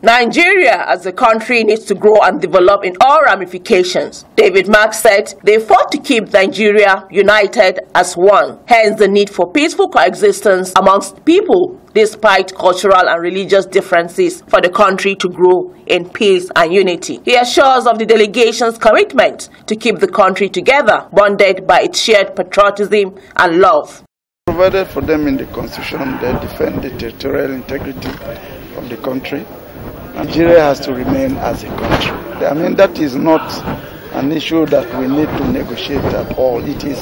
Nigeria as a country needs to grow and develop in all ramifications. David Marks said they fought to keep Nigeria united as one, hence the need for peaceful coexistence amongst people despite cultural and religious differences for the country to grow in peace and unity. He assures of the delegation's commitment to keep the country together, bonded by its shared patriotism and love provided for them in the constitution that defend the territorial integrity of the country. Nigeria has to remain as a country. I mean, that is not an issue that we need to negotiate at all. It is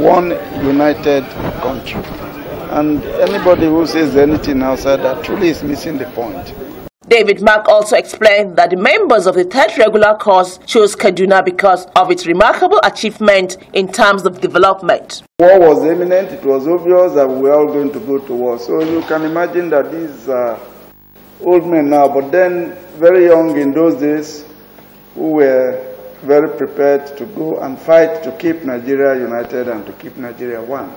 one united country. And anybody who says anything outside that truly is missing the point. David Mack also explained that the members of the third regular course chose Kaduna because of its remarkable achievement in terms of development. War was imminent, it was obvious that we were all going to go to war. So you can imagine that these uh, old men now, but then very young in those days, who were very prepared to go and fight to keep Nigeria united and to keep Nigeria one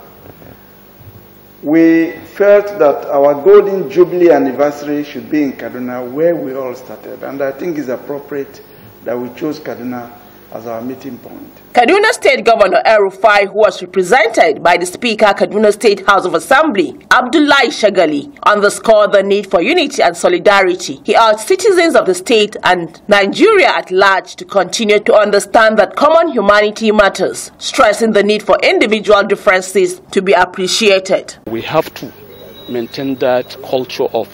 we felt that our golden jubilee anniversary should be in Kaduna, where we all started. And I think it's appropriate that we chose Kaduna as our meeting point. Kaduna State Governor Erufai, who was represented by the Speaker Kaduna State House of Assembly, Abdullahi Shagali, underscored the need for unity and solidarity. He urged citizens of the state and Nigeria at large to continue to understand that common humanity matters, stressing the need for individual differences to be appreciated. We have to maintain that culture of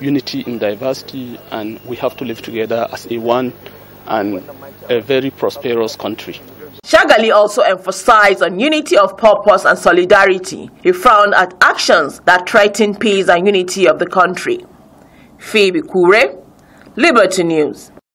unity in diversity and we have to live together as a one and a very prosperous country. Shagali also emphasized on unity of purpose and solidarity. He frowned at actions that threaten peace and unity of the country. Phoebe Kure, Liberty News.